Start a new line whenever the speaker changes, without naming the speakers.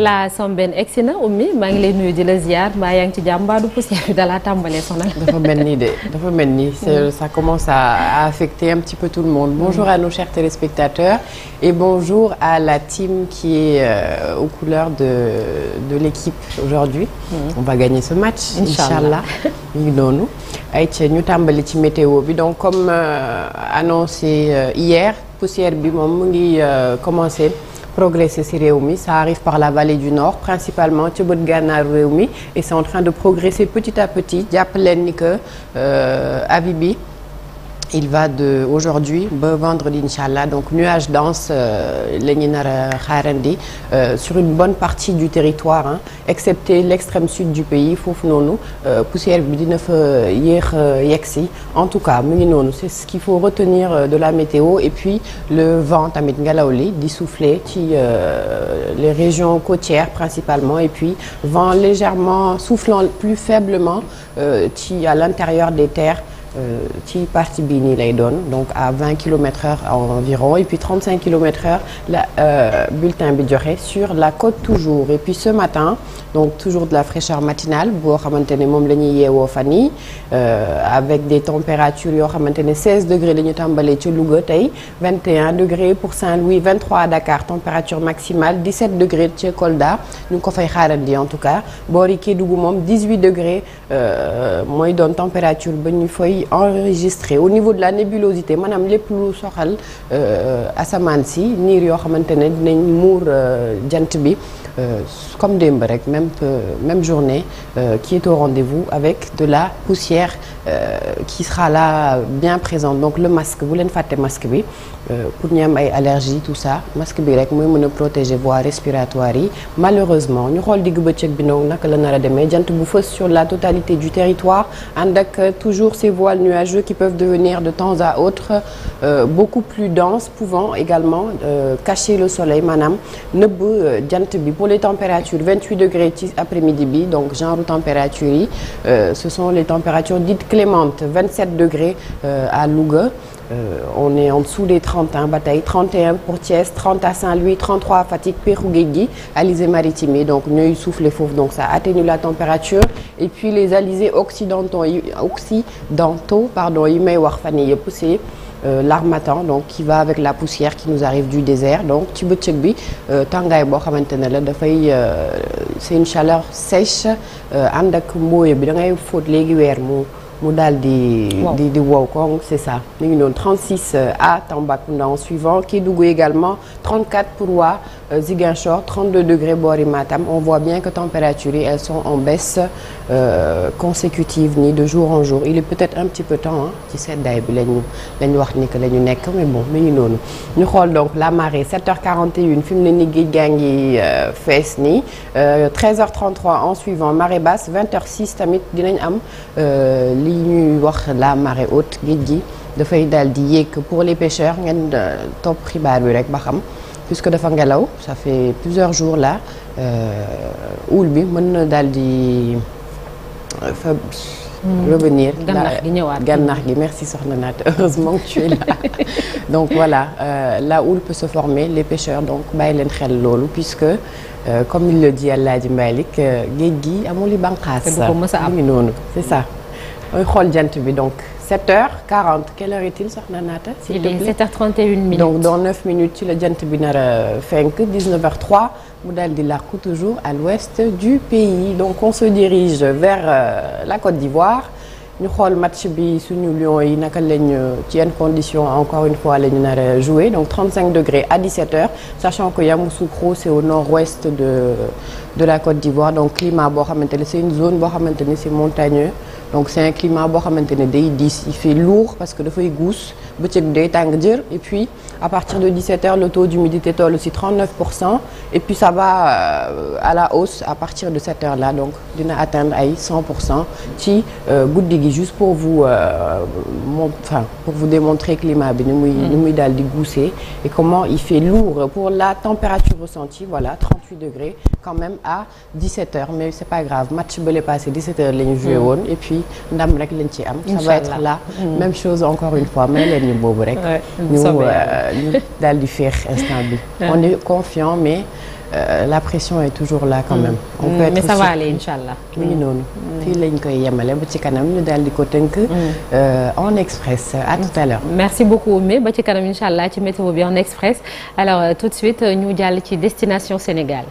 la Sombène egsi na mi maa ngi lay nuyu di la ziar mbaa yaa ngi ci jàmm mbaa du poussière bi dalaa tàmbalee sonal. dafa mel nii de dafa mel nii mm. ça commence à affecter un petit peu tout le monde bonjour mm. à nos chers téléspectateurs et bonjour à la team qui est euh, aux de de l'équipe aujourd'hui mm. on va gagner ce match inchallah ñu ngi noonu ayca ñu tàmbali ci météo bi donc comme euh, annoncé euh, hier poussière bi moom mu ngi euh, commencé progresser ci réew mi ça arrive par la vallée du nord principalement ci bët gànnaar réew mi et c'est en train de progresser petit à petit jàpp leen ni que euh, avis bi il va de aujourd'hui ba vendredi incha allah donc nuage dense euh, la ñu nar a euh, xaarandi euh, sur une bonne partie du territoire hein, excepté l'extrême sud du pays foofu noonu poussière bi dina fa yéex si en tout cas mu ngi noonu c'est ce qu'il faut retenir de la météo et puis le vent tamit ngelaw li di souffler ci les régions côtières principalement et puis vent légèrement soufflant plus faiblement ci à l'intérieur des terres Euh, ci partie bii nii lay doon donc à 20 kilomètres heure environ et puis 35 kilomètres heure euh, bulletin bi joxe sur la côte toujours et puis ce matin donc toujours de la fraîcheur matinale boo xamante ne moom la ñuy yeewoo fan yi euh, avec des températures yoo xamante ne 16 degrés la tàmbalee ci Louga tey 21 degrés pour Saint-Louis 23 à Dakar température maximale 17 degrés ci Kolda ñu ngi ko fay xaarandi en tout cas boo boori Kédougou moom 18 degrés mooy doon température ba ñu foy koy euh, enregistré au niveau de la nébulosité maanaam lépp lu soxal euh, asamaan si niir yoo xamante ne dinañ muur euh, jant bi comme démb rek même même journée qui est au rendez-vous avec de la poussière Euh, qui sera là bien présente donc le masque bu leen fàtte masque bi euh, pour ñu am ay allergies tout ça masque bi rek mooy mën a protéger voies respiratoires yi malheureusement ñu xool digg bëccëg bi noonu naka la nar a demee jant bu fës sur la totalité du territoire ànd ak toujours ces voiles nuageux qui peuvent devenir de temps à autre euh, beaucoup plus denses pouvant également euh, cacher le soleil maanaam nëbb euh, jant bi pour les températures 28 degrés ci après-midi bi donc genre température yi euh, les températures dites clémente 27 degrés euh, à Louga euh, on est en dessous des 30 ans ba tey 31 pour Thiès 30 à Saint-Louis 33 Fatick Pékhu Géej gi alizé maritime yi donc ñooy souffler foofu donc ça atténue la température et puis les alizés occidentaux yi occidentaux pardon yi may wax fan yii yëpp c'est euh, l'armatan donc qui va avec la poussière qui nous arrive du désert donc ci bëccëg bi tàngaay boo xamante ne la dafay c'est une chaleur sèche ànd ak mbooye bi da ngay fóot léegi weer mu. mu daal di. di di wow koŋ c'est ça. ñu ngi noonu 36 euh, à Tambacounda en suivant Kédougou également 34 pour waa euh, Ziguinchor 32 degré boori Matam on voit bien que température yi elles sont en baisse euh, consécutive nii de jour en jour il est peut-être un petit peu temps ci seddaay bi lañu lañu wax ni que lañu nekk mais bon mi ngi noonu. ñu xool donc la marée 7h41 fi mu ne ni géej gaa ngi euh, fees nii 13h33 en suivant marée basse 20h06 tamit dinañ am. li ñuy wax la marée haute géej gi dafay daal di yéeg pour les pêcheurs ngeen euh, topp xibaar bi rek ba xam puisque dafa ngelaw ça fait plusieurs jours là euh, houle bi mën na daal di euh, fa. Hmm. revenir gànnax gi ñëwaat gànnax gi merci soxna Naat heureusement que donc voilà euh, la houle peut se former les pêcheurs donc bàyyi leen xel loolu puisque euh, comme il le dit Alaaji Malick géej gi amul i bànqaas. te du ko mës noonu c'est ça. mooy xool jant bi donc 7h40 quelle heure est-il soxna Naata. s'il te plaît 7h31 minutes donc dans 9 minutes ci la jant bi nar a fenk 19h03 mu daal di làqu toujours à l'ouest du pays donc on se dirige vers euh, la Côte d'Ivoire. ñu xool match bi suñu Lions yi naka lañ euh, ci yenn conditions encore une fois la ñu nar a jouer donc 35 degrés à 17h sachant que Yamoussoukro c'est au nord-ouest de de la Côte d'Ivoire donc climat boo xamante ne c'est une zone boo xamante ne c'est montagneux. donc c'est un climat boo xamante ne day diis il fait lourd parce que dafay guus bëccëg day tàng jër et puis À partir de 17h, le taux d'humidité toll aussi 39% et puis ça va euh, à la hausse à partir de cette heure donc dina atteindre ay 100% ci euh, guddi gi juste pour vous euh, mon enfin pour vous démontrer climat bi ni muy ni muy daal di gousser et comment il fait la température ressentie voilà 38 degrés quand même à 17h mais c'est pas grave match bële la ñu joué mm. woon et ndam rek lañ ci am ça va être là mm. même chose encore une ñu daal di féex instant bi on est confiant mais euh, la pression est toujours là quand mm. même on mm. peut être mais ça va aller incha allah mu ngi mm. lañ koy yemale ba ci kanam ñu daal di ko tënk euh, en express à tout à l'heure merci beaucoup mais ba ci kanam incha allah ci météo bi en express alors euh, tout de suite euh, ñu jàll ci destination Sénégal